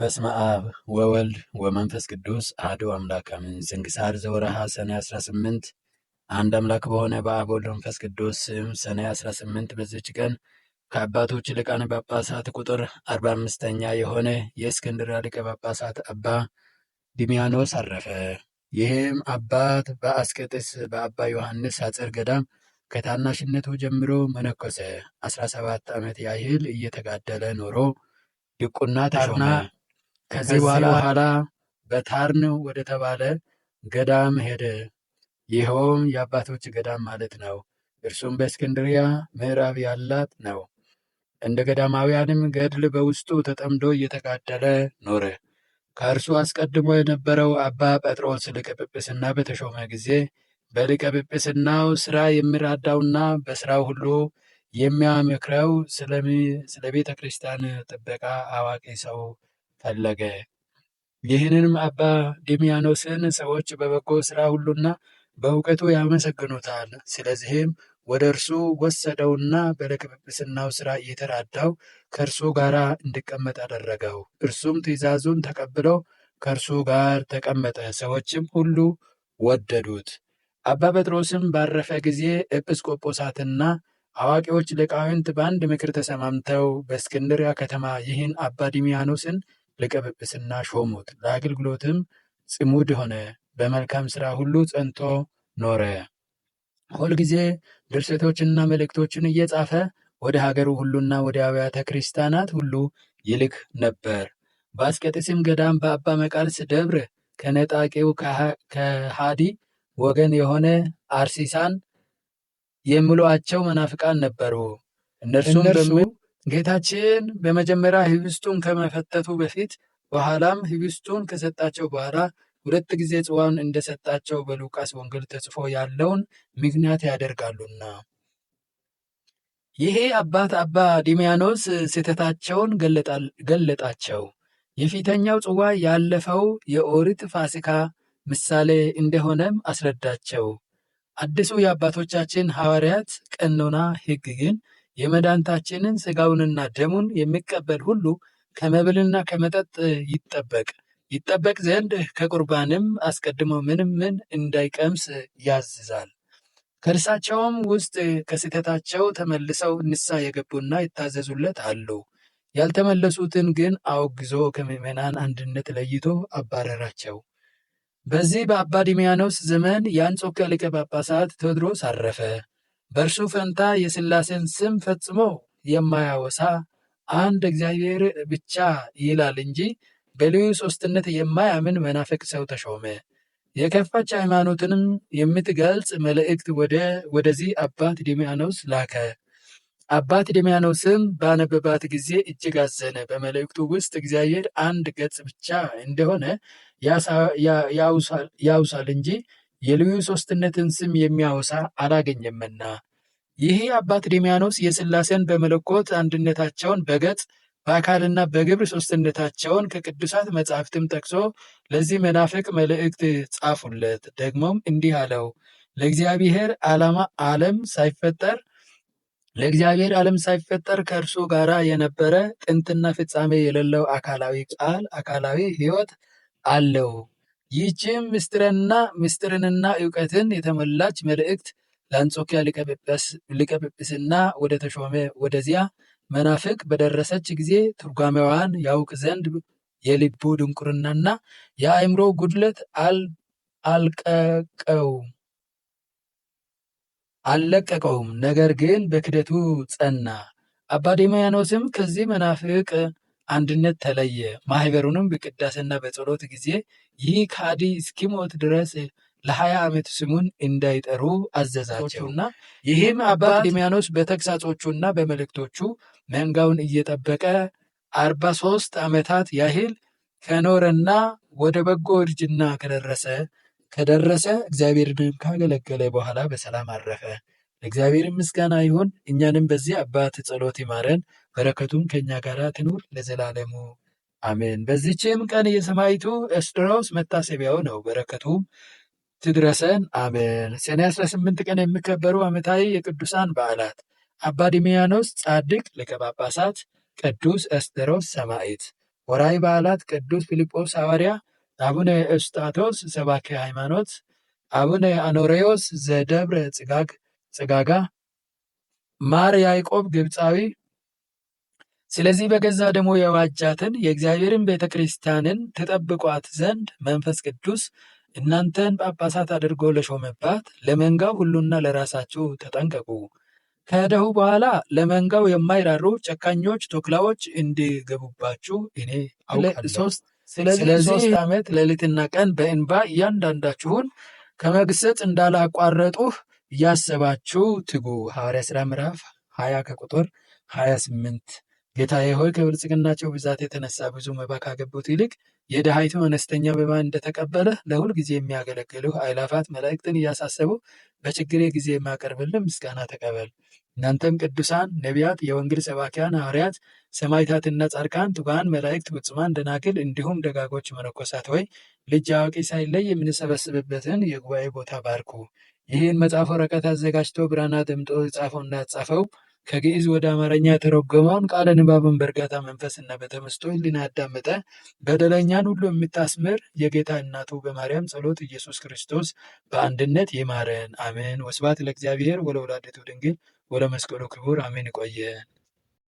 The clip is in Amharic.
በስመ አብ ወወልድ ወመንፈስ ቅዱስ አሐዱ አምላክ አሜን። ስንክሳር ዘወርኀ ሰኔ 18 አንድ አምላክ በሆነ በአብ ወልድ መንፈስ ቅዱስ ስም ሰኔ 18 በዚች ቀን ከአባቶች ሊቃነ ጳጳሳት ቁጥር 45ኛ የሆነ የእስክንድርያ ሊቀ ጳጳሳት አባ ድሚያኖስ አረፈ። ይህም አባት በአስቄጥስ በአባ ዮሐንስ ሐጸር ገዳም ከታናሽነቱ ጀምሮ መነኮሰ። 17 ዓመት ያህል እየተጋደለ ኖሮ ድቁና ተሾመ። ከዚህ በኋላ በታርን ወደ ተባለ ገዳም ሄደ። ይኸውም የአባቶች ገዳም ማለት ነው። እርሱም በእስክንድሪያ ምዕራብ ያላት ነው። እንደ ገዳማውያንም ገድል በውስጡ ተጠምዶ እየተጋደለ ኖረ። ከእርሱ አስቀድሞ የነበረው አባ ጴጥሮስ ሊቀ ጵጵስና በተሾመ ጊዜ በሊቀ ጵጵስናው ሥራ የሚራዳውና በሥራው ሁሉ የሚያመክረው ስለ ቤተ ክርስቲያን ጥበቃ አዋቂ ሰው ፈለገ። ይህንንም አባ ዲሚያኖስን ሰዎች በበጎ ሥራ ሁሉና በእውቀቱ ያመሰግኑታል። ስለዚህም ወደ እርሱ ወሰደውና በሊቀ ጵጵስናው ሥራ እየተራዳው ከእርሱ ጋር እንዲቀመጥ አደረገው። እርሱም ትእዛዙን ተቀብሎ ከእርሱ ጋር ተቀመጠ። ሰዎችም ሁሉ ወደዱት። አባ ጴጥሮስም ባረፈ ጊዜ ኤጲስቆጶሳትና አዋቂዎች ሊቃውንት በአንድ ምክር ተሰማምተው በእስክንድሪያ ከተማ ይህን አባ ዲሚያኖስን ሊቀ ጵጵስና ሾሙት። ለአገልግሎትም ጽሙድ ሆነ፣ በመልካም ሥራ ሁሉ ጸንቶ ኖረ። ሁልጊዜ ድርሰቶችና መልእክቶችን እየጻፈ ወደ ሀገሩ ሁሉና ወደ አብያተ ክርስቲያናት ሁሉ ይልክ ነበር። በአስቄጥስም ገዳም በአባ መቃርስ ደብር ከነጣቂው ከሃዲ ወገን የሆነ አርሲሳን የሚሏቸው መናፍቃን ነበሩ። እነርሱም ጌታችን በመጀመሪያ ህብስቱን ከመፈተቱ በፊት በኋላም ህብስቱን ከሰጣቸው በኋላ ሁለት ጊዜ ጽዋን እንደሰጣቸው በሉቃስ ወንጌል ተጽፎ ያለውን ምክንያት ያደርጋሉና። ይሄ አባት አባ ዲሚያኖስ ስህተታቸውን ገለጣቸው። የፊተኛው ጽዋ ያለፈው የኦሪት ፋሲካ ምሳሌ እንደሆነም አስረዳቸው። አዲሱ የአባቶቻችን ሐዋርያት ቀኖና ሕግ ግን የመድኃኒታችንን ስጋውንና ደሙን የሚቀበል ሁሉ ከመብልና ከመጠጥ ይጠበቅ ይጠበቅ ዘንድ ከቁርባንም አስቀድሞ ምንም ምን እንዳይቀምስ ያዝዛል። ከእርሳቸውም ውስጥ ከስህተታቸው ተመልሰው ንስሐ የገቡና የታዘዙለት አሉ። ያልተመለሱትን ግን አውግዞ ከምዕመናን አንድነት ለይቶ አባረራቸው። በዚህ በአባ ድሚያኖስ ዘመን የአንጾኪያ ሊቀ ጳጳሳት ቴዎድሮስ አረፈ። በእርሱ ፈንታ የስላሴን ስም ፈጽሞ የማያወሳ አንድ እግዚአብሔር ብቻ ይላል እንጂ በልዩ ሶስትነት የማያምን መናፍቅ ሰው ተሾመ። የከፋች ሃይማኖትንም የምትገልጽ መልእክት ወደዚህ አባት ዲሚያኖስ ላከ። አባት ዲሚያኖስም ባነበባት ጊዜ እጅግ አዘነ። በመልእክቱ ውስጥ እግዚአብሔር አንድ ገጽ ብቻ እንደሆነ ያውሳል እንጂ የልዩ ሦስትነትን ስም የሚያወሳ አላገኘምና ይህ አባት ዲሚያኖስ የሥላሴን በመለኮት አንድነታቸውን በገጽ በአካልና በግብር ሦስትነታቸውን ከቅዱሳት መጻሕፍትም ጠቅሶ ለዚህ መናፍቅ መልእክት ጻፉለት። ደግሞም እንዲህ አለው፣ ለእግዚአብሔር ዓላማ ዓለም ሳይፈጠር ለእግዚአብሔር ዓለም ሳይፈጠር ከእርሱ ጋር የነበረ ጥንትና ፍጻሜ የሌለው አካላዊ ቃል አካላዊ ሕይወት አለው። ይህችም ምስጢርና ምስጢርንና እውቀትን የተሞላች መልእክት ለአንጾኪያ ሊቀ ጵጵስና ወደ ተሾመ ወደዚያ መናፍቅ በደረሰች ጊዜ ትርጓሜዋን ያውቅ ዘንድ የልቡ ድንቁርናና የአእምሮ ጉድለት አልለቀቀውም ነገር ግን በክደቱ ጸና። አባ ከዚህ መናፍቅ አንድነት ተለየ። ማህበሩንም በቅዳሴና በጸሎት ጊዜ ይህ ካዲ እስኪሞት ድረስ ለሀያ ዓመት ስሙን እንዳይጠሩ አዘዛቸውና ይህም አባ ዲሚያኖስ በተግሳጾቹና በመልእክቶቹ መንጋውን እየጠበቀ አርባ ሶስት ዓመታት ያህል ከኖረና ወደ በጎ እርጅና ከደረሰ ከደረሰ እግዚአብሔርንም ካገለገለ በኋላ በሰላም አረፈ። ለእግዚአብሔር ምስጋና ይሁን። እኛንም በዚህ አባት ጸሎት ይማረን፣ በረከቱም ከእኛ ጋር ትኑር ለዘላለሙ አሜን። በዚችም ቀን የሰማዕቱ ኤስድሮስ መታሰቢያው ነው። በረከቱም ትድረሰን አሜን። ሰኔ 18 ቀን የሚከበሩ ዓመታዊ የቅዱሳን በዓላት አባ ድሚያኖስ ጻድቅ ሊቀ ጳጳሳት፣ ቅዱስ ኤስድሮስ ሰማዕት። ወርኃዊ በዓላት ቅዱስ ፊልጶስ ሐዋርያ፣ አቡነ ኤዎስጣቴዎስ ሰባኪ ሃይማኖት፣ አቡነ አኖሬዎስ ዘደብረ ጽጋግ ጽጋጋ ማር ያዕቆብ ግብፃዊ ስለዚህ በገዛ ደግሞ የዋጃትን የእግዚአብሔርን ቤተ ክርስቲያንን ትጠብቋት ዘንድ መንፈስ ቅዱስ እናንተን ጳጳሳት አድርጎ ለሾመባት ለመንጋው ሁሉና ለራሳችሁ ተጠንቀቁ። ከደሁ በኋላ ለመንጋው የማይራሩ ጨካኞች ተኩላዎች እንዲገቡባችሁ እኔ አውቃለሁ። ስለዚህ ሶስት ዓመት ሌሊትና ቀን በእንባ እያንዳንዳችሁን ከመግሰጽ እንዳላቋረጡህ እያሰባችሁ ትጉ። ሐዋርያ ሥራ ምዕራፍ 20 ከቁጥር 28 ጌታዬ ሆይ ከብልጽግናቸው ብዛት የተነሳ ብዙ መባ ካገቡት ይልቅ የድሃይቱ አነስተኛ መባ እንደተቀበለ ለሁል ጊዜ የሚያገለግሉ አእላፋት መላእክትን እያሳሰቡ በችግሬ ጊዜ የማቀርብልን ምስጋና ተቀበል። እናንተም ቅዱሳን ነቢያት፣ የወንጌል ሰባኪያን ሐዋርያት፣ ሰማዕታትና ጻድቃን፣ ትጉሃን መላእክት፣ ፍጹማን ደናግል፣ እንዲሁም ደጋጎች መነኮሳት ሆይ ልጅ አዋቂ ሳይለይ የምንሰበስብበትን የጉባኤ ቦታ ባርኩ። ይህን መጽሐፍ ወረቀት አዘጋጅቶ ብራና ደምጦ ጻፈው እንዳጻፈው ከግዕዝ ወደ አማርኛ የተረጎመውን ቃለ ንባብን በእርጋታ መንፈስና በተመስጦ ሕሊና ያዳመጠ በደለኛን ሁሉ የምታስምር የጌታ እናቱ በማርያም ጸሎት ኢየሱስ ክርስቶስ በአንድነት ይማረን፣ አሜን። ወስብሐት ለእግዚአብሔር ወለወላዲቱ ድንግል ወለመስቀሉ ክቡር፣ አሜን። ይቆየን።